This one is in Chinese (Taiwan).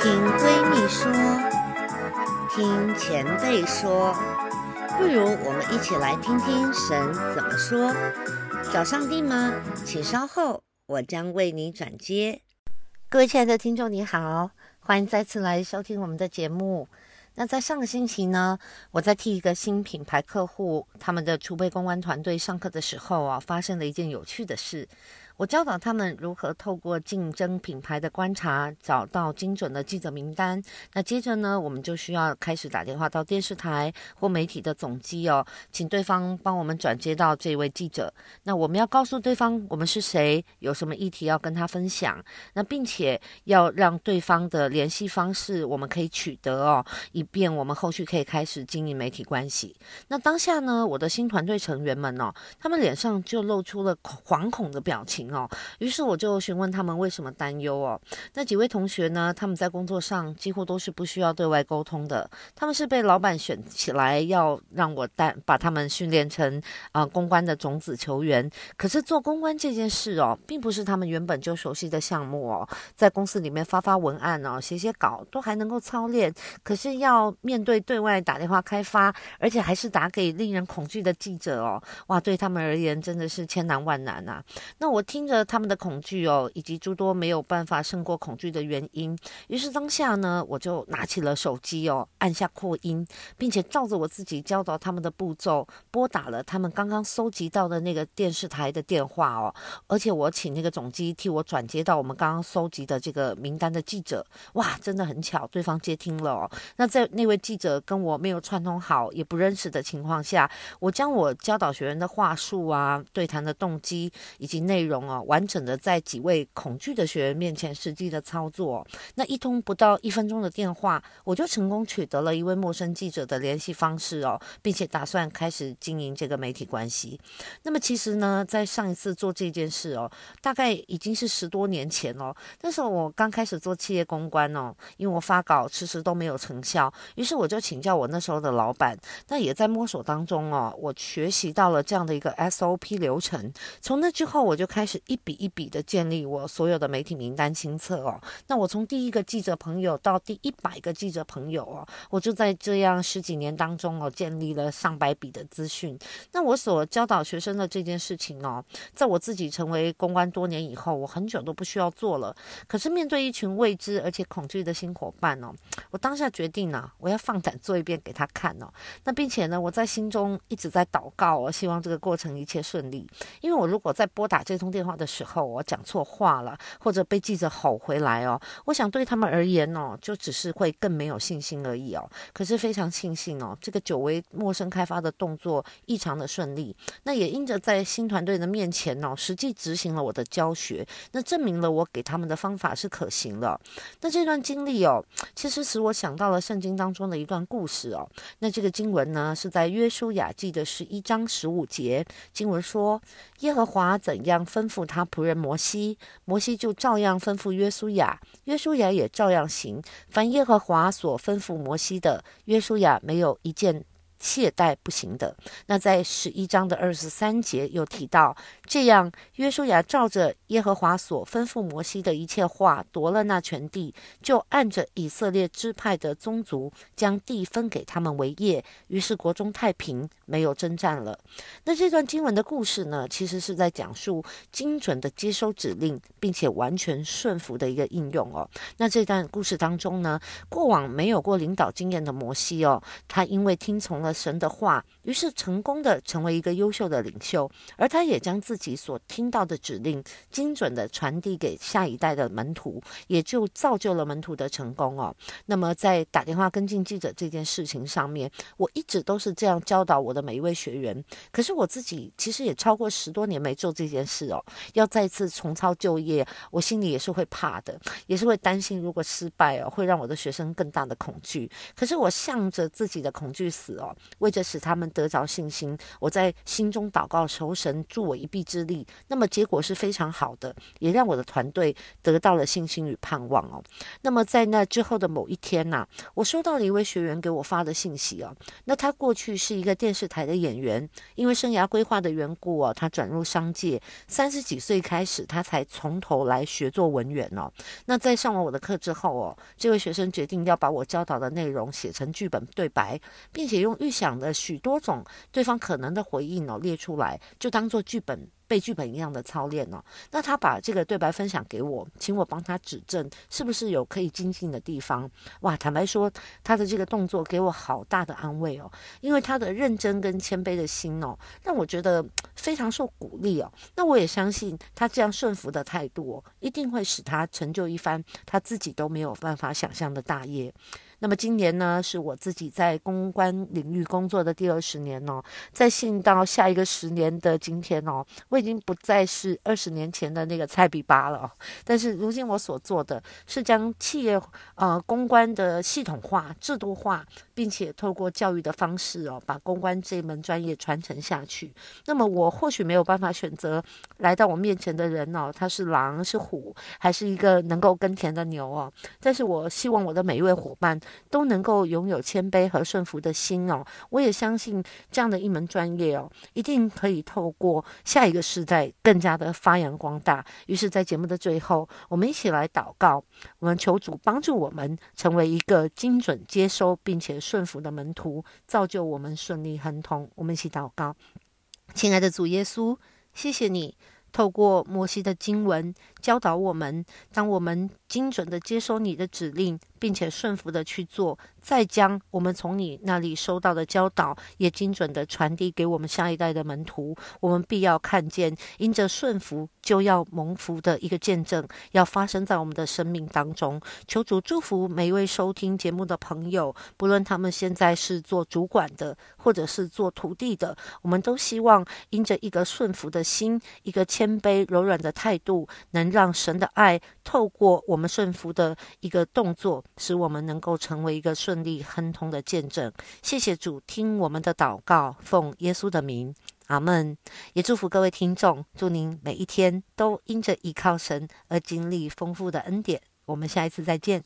聽閨蜜說，聽前輩說，不如我們一起來聽聽神怎麼說。找上帝嗎？請稍後，我將為你轉接。各位親愛的聽眾，你好，歡迎再次來收聽我們的節目。那在上個星期呢，我在替一個新品牌客戶，他們的儲備公關團隊上課的時候啊，發生了一件有趣的事。我教導他們如何透過競爭品牌的觀察，找到精準的記者名單。那接着呢，我們就需要開始打電話到電視台或媒體的總機哦，請對方幫我們轉接到這位記者。那我們要告訴對方我們是誰，有什麼議題要跟他分享。那並且要讓對方的聯繫方式我們可以取得哦，以便我們後續可以開始經營媒體關係。那當下呢，我的新團隊成員們哦，他們臉上就露出了惶恐的表情。哦，於是我就詢問他們為什麼擔憂哦。那幾位同學呢，他們在工作上幾乎都是不需要對外溝通的。他們是被老闆選起來，要讓我帶，把他們訓練成啊、呃、公關的種子球員。可是做公關這件事哦，並不是他們原本就熟悉的項目哦。在公司裡面發發文案哦，寫寫稿都還能夠操練，可是要面對對外打電話開發，而且還是打給令人恐懼的記者哦。哇，對他們而言真的是千難萬難啊。那我聽。聽着他們的恐懼哦，以及諸多沒有辦法勝過恐懼的原因。於是當下呢，我就拿起了手機哦，按下擴音，並且照着我自己教導他們的步驟，撥打了他們剛剛搜集到的那個電視台的電話哦。而且我請那個總機替我轉接到我們剛剛搜集的這個名單的記者。哇，真的很巧，對方接聽了哦。那在那位記者跟我沒有串通好，也不認識的情況下，我將我教導學員的話術啊、對談的動機以及內容。完整的在幾位恐懼的學員面前實際的操作，那一通不到一分鐘的電話，我就成功取得了一位陌生記者的聯繫方式哦，並且打算開始經營這個媒體關係。那麼其實呢，在上一次做這件事哦，大概已經是十多年前哦，那時候我剛開始做企業公關哦，因為我發稿遲遲都沒有成效，於是我就請教我那時候的老闆，那也在摸索當中哦，我學習到了這樣的一個 SOP 流程，從那之後我就開始。是一筆一筆的建立我所有的媒體名單清冊哦。那我從第一個記者朋友到第一百個記者朋友哦，我就在這樣十幾年當中哦，建立了上百筆的資訊。那我所教導學生的這件事情哦，在我自己成為公關多年以後，我很久都不需要做了。可是面對一群未知而且恐懼的新伙伴哦，我當下決定呢、啊，我要放膽做一遍給他看哦。那並且呢，我在心中一直在禱告哦，希望這個過程一切順利。因為我如果在撥打這通電，電話的時候，我講錯話了，或者被記者吼回來哦。我想對他們而言哦，就只是會更沒有信心而已哦。可是非常慶幸哦，這個久違陌生開發的動作異常的順利。那也因着在新團隊的面前哦，實際執行了我的教學，那證明了我給他們的方法是可行的。那這段經歷哦，其實使我想到了聖經當中的一段故事哦。那這個經文呢是在約書亞記的十一章十五節，經文說耶和華怎樣分。咐他僕人摩西，摩西就照樣吩咐約書亞，約書亞也照樣行。凡耶和華所吩咐摩西的，約書亞沒有一件懈怠不行的。那在十一章的二十三節又提到，這樣，約書亞照着耶和華所吩咐摩西的一切話奪了那全地，就按着以色列支派的宗族將地分給他們為業。於是國中太平，沒有征戰了。那這段經文的故事呢，其實是在講述精準的接收指令並且完全順服的一個應用哦。那這段故事當中呢，過往沒有過領導經驗的摩西哦，他因為聽從了。神的話，於是成功的成為一個優秀的領袖，而他也將自己所聽到的指令精準的傳遞給下一代的門徒，也就造就了門徒的成功哦。那麼在打電話跟進記者這件事情上面，我一直都是這樣教導我的每一位學員。可是我自己其實也超過十多年沒做這件事哦，要再次重操舊業，我心裡也是會怕的，也是會擔心如果失敗哦，會讓我的學生更大的恐懼。可是我向着自己的恐懼死哦。為着使他們得着信心，我在心中禱告求神助我一臂之力。那麼結果是非常好的，也讓我的團隊得到了信心與盼望哦。那麼在那之後的某一天吶、啊，我收到了一位學員給我發的信息哦。那他過去是一個電視台的演員，因為生涯規劃的緣故哦，他轉入商界，三十幾歲開始他才從頭來學做文員哦。那在上完我的課之後哦，這位學生決定要把我教導的內容寫成劇本對白，並且用。去想的許多種對方可能的回應哦，列出來就當做劇本，背劇本一樣的操練哦，那他把這個對白分享給我，請我幫他指正，是不是有可以精進的地方？哇，坦白說，他的這個動作給我好大的安慰哦，因為他的認真跟謙卑的心哦，讓我覺得非常受鼓勵哦。那我也相信他這樣順服的態度哦，一定會使他成就一番他自己都沒有辦法想象的大業。那麼今年呢，是我自己在公關領域工作的第二十年哦，在進到下一個十年的今天哦。已經不再是二十年前的那個菜比八了哦，但是如今我所做的，是將企業呃公關的系統化、制度化，並且透過教育的方式哦，把公關這一門專業傳承下去。那麼我或許沒有辦法選擇來到我面前的人哦，他是狼是虎，還是一個能夠耕田的牛哦。但是我希望我的每一位夥伴都能夠擁有謙卑和順服的心哦。我也相信這樣的一門專業哦，一定可以透過下一個。是在更加的發揚光大。於是，在節目的最後，我們一起來禱告，我們求主幫助我們成為一個精準接收並且順服的門徒，造就我們順利亨通。我們一起禱告，親愛的主耶穌，謝謝你透過摩西的經文教導我們，當我們精準的接收你的指令。並且順服的去做，再將我們從你那裡收到的教導，也精準的傳遞給我們下一代的門徒。我們必要看見，因着順服就要蒙福的一個見證，要發生在我們的生命當中。求主祝福每一位收聽節目的朋友，不論他們現在是做主管的，或者是做徒弟的，我們都希望，因着一個順服的心，一個謙卑柔軟的態度，能讓神的愛透過我們順服的一個動作。使我們能夠成為一個順利亨通的見證。謝謝主，聽我們的禱告，奉耶穌的名，阿門。也祝福各位聽眾，祝您每一天都因着依靠神而經歷豐富的恩典。我們下一次再見。